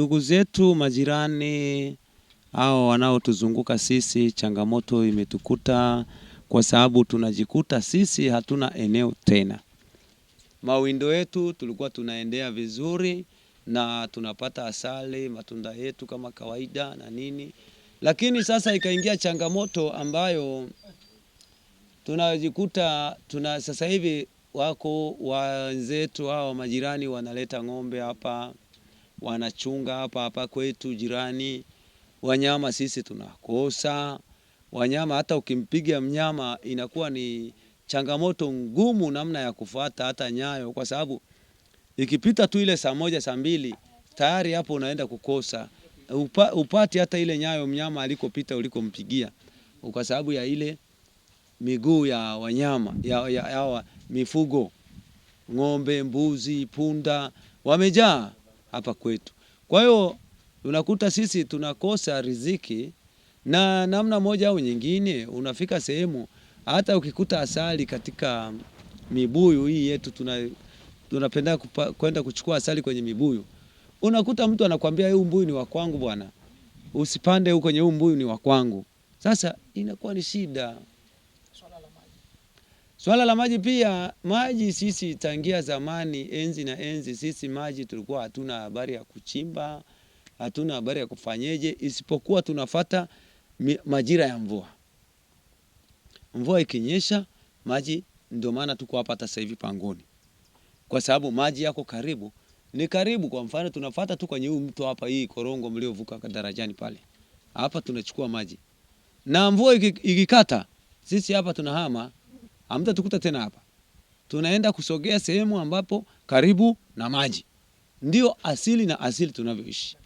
ndugu zetu majirani au wanaotuzunguka sisi, changamoto imetukuta kwa sababu tunajikuta sisi hatuna eneo tena. Mawindo yetu tulikuwa tunaendea vizuri na tunapata asali, matunda yetu kama kawaida na nini, lakini sasa ikaingia changamoto ambayo tunajikuta tuna sasa hivi wako wenzetu hao majirani wanaleta ng'ombe hapa wanachunga hapa hapa kwetu jirani. Wanyama sisi tunakosa wanyama, hata ukimpiga mnyama inakuwa ni changamoto ngumu namna ya kufuata hata nyayo, kwa sababu ikipita tu ile saa moja saa mbili tayari hapo unaenda kukosa upa, upati hata ile nyayo mnyama alikopita ulikompigia, kwa sababu ya ile miguu ya wanyama ya, ya, ya mifugo ng'ombe, mbuzi, punda wamejaa hapa kwetu. Kwa hiyo unakuta sisi tunakosa riziki, na namna moja au nyingine unafika sehemu, hata ukikuta asali katika mibuyu hii yetu, tuna tunapenda kwenda kuchukua asali kwenye mibuyu, unakuta mtu anakwambia huu mbuyu ni wa kwangu bwana, usipande huko kwenye huu mbuyu ni wa kwangu. Sasa inakuwa ni shida. Swala la maji pia, maji sisi tangia zamani, enzi na enzi, sisi maji tulikuwa hatuna habari ya kuchimba, hatuna habari ya kufanyeje, isipokuwa tunafata majira ya mvua. Mvua ikinyesha maji, ndio maana tuko hapa hata sasa hivi pangoni, kwa sababu maji yako karibu, ni karibu. Kwa mfano tunafata tu kwenye huu mto hapa, hii korongo mliovuka darajani pale, hapa tunachukua maji, na mvua ikikata, sisi hapa tunahama hamtatukuta tena hapa. Tunaenda kusogea sehemu ambapo karibu na maji, ndio asili na asili tunavyoishi.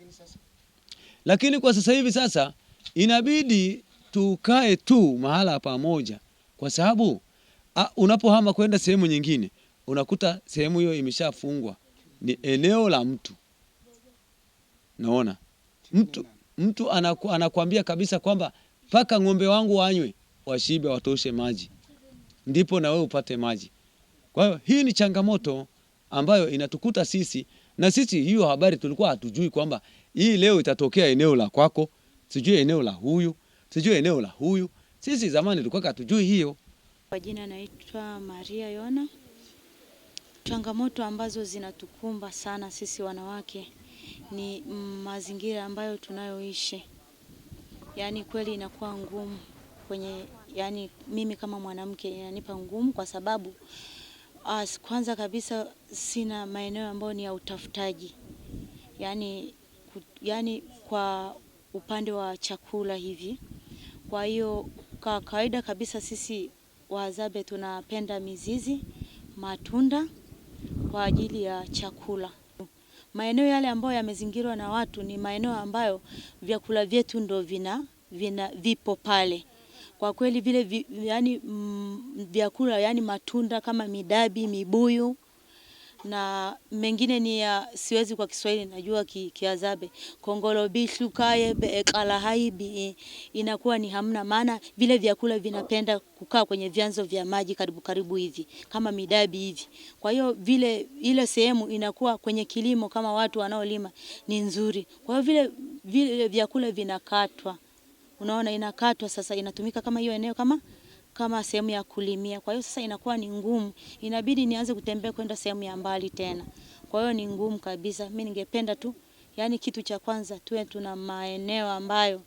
Lakini kwa sasa hivi sasa inabidi tukae tu mahala pamoja, kwa sababu unapohama kwenda sehemu nyingine unakuta sehemu hiyo imeshafungwa, ni eneo la mtu. Naona mtu, mtu anaku, anakuambia kabisa kwamba mpaka ng'ombe wangu wanywe, washibe, watoshe maji ndipo na wewe upate maji. Kwa hiyo hii ni changamoto ambayo inatukuta sisi, na sisi hiyo habari tulikuwa hatujui kwamba hii leo itatokea eneo la kwako, sijui eneo la huyu, sijui eneo la huyu. Sisi zamani tulikuwa hatujui hiyo. Kwa jina naitwa Maria Yona. Changamoto ambazo zinatukumba sana sisi wanawake ni mazingira ambayo tunayoishi, yaani kweli inakuwa ngumu kwenye yani mimi kama mwanamke inanipa ngumu kwa sababu as, ah, kwanza kabisa sina maeneo ambayo ni ya utafutaji yani, ku, yani kwa upande wa chakula hivi. Kwa hiyo kwa kawaida kabisa sisi Wahadzabe tunapenda mizizi, matunda kwa ajili ya chakula. Maeneo yale ambayo yamezingirwa na watu ni maeneo ambayo vyakula vyetu ndo vina, vina vipo pale. Kwa kweli vile vi, yani, mm, vyakula yani matunda kama midabi, mibuyu na mengine ni ya siwezi kwa Kiswahili najua ki, Kiazabe bishu kaye haibi inakuwa ni hamna, maana vile vyakula vinapenda kukaa kwenye vyanzo vya maji karibu karibu hivi kama midabi hivi. Kwa hiyo vile ile sehemu inakuwa kwenye kilimo kama watu wanaolima ni nzuri. Kwa hiyo vile, vile vyakula vinakatwa unaona inakatwa sasa, inatumika kama hiyo eneo kama kama sehemu ya kulimia. Kwa hiyo sasa inakuwa ni ngumu, inabidi nianze kutembea kwenda sehemu ya mbali tena. Kwa hiyo ni ngumu kabisa. Mimi ningependa tu, yani kitu cha kwanza tuwe tuna maeneo ambayo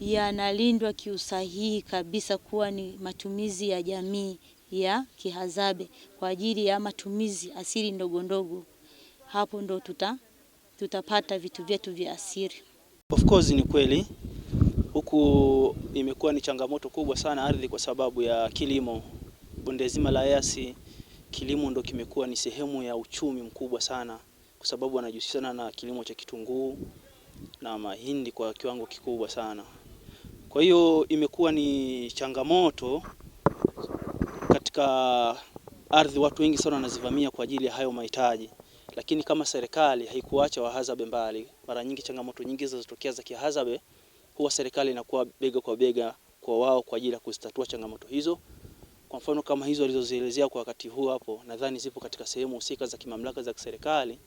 yanalindwa kiusahihi kabisa kuwa ni matumizi ya jamii ya Kihazabe kwa ajili ya matumizi asili ndogo ndogo. Hapo ndo tuta tutapata vitu vyetu vya asili. Of course ni kweli Huku imekuwa ni changamoto kubwa sana ardhi kwa sababu ya kilimo. Bonde zima la Eyasi, kilimo ndo kimekuwa ni sehemu ya uchumi mkubwa sana, kwa sababu wanajihusisha na kilimo cha kitunguu na mahindi kwa kiwango kikubwa sana. Kwa hiyo imekuwa ni changamoto katika ardhi, watu wengi sana wanazivamia kwa ajili ya hayo mahitaji, lakini kama serikali haikuacha wahadzabe mbali. Mara nyingi changamoto nyingi zinazotokea za kihazabe huwa serikali inakuwa bega kwa bega kwa wao kwa ajili ya kuzitatua changamoto hizo. Kwa mfano kama hizo walizozielezea kwa wakati huu hapo, nadhani zipo katika sehemu husika za kimamlaka za kiserikali,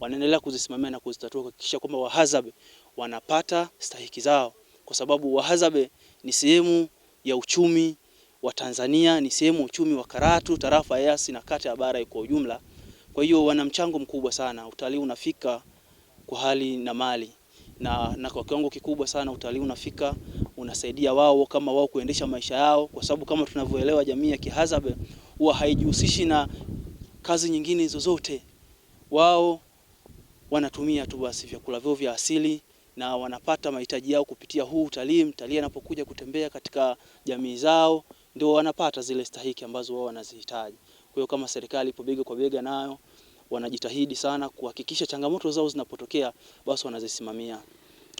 wanaendelea kuzisimamia na kuzitatua kuhakikisha kwamba wahazabe wanapata stahiki zao, kwa sababu wahazabe ni sehemu ya uchumi wa Tanzania, ni sehemu uchumi wa Karatu, tarafa ya Yasi na kata ya Bara kwa ujumla. Kwa hiyo wana mchango mkubwa sana, utalii unafika kwa hali na mali na, na kwa kiwango kikubwa sana utalii unafika unasaidia wao kama wao kuendesha maisha yao, kwa sababu kama tunavyoelewa jamii ya Kihadzabe huwa haijihusishi na kazi nyingine zozote. Wao wanatumia tu basi vyakula vyao vya asili na wanapata mahitaji yao kupitia huu utalii. Mtalii anapokuja kutembea katika jamii zao ndio wanapata zile stahiki ambazo wao wanazihitaji. Kwa hiyo kama serikali ipo bega kwa bega nayo wanajitahidi sana kuhakikisha changamoto zao zinapotokea basi wanazisimamia.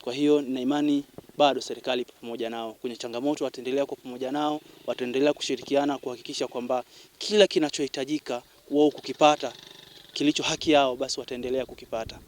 Kwa hiyo nina imani bado serikali ipo pamoja nao kwenye changamoto, wataendelea kwa pamoja nao, wataendelea kushirikiana kuhakikisha kwamba kila kinachohitajika wao kukipata, kilicho haki yao, basi wataendelea kukipata.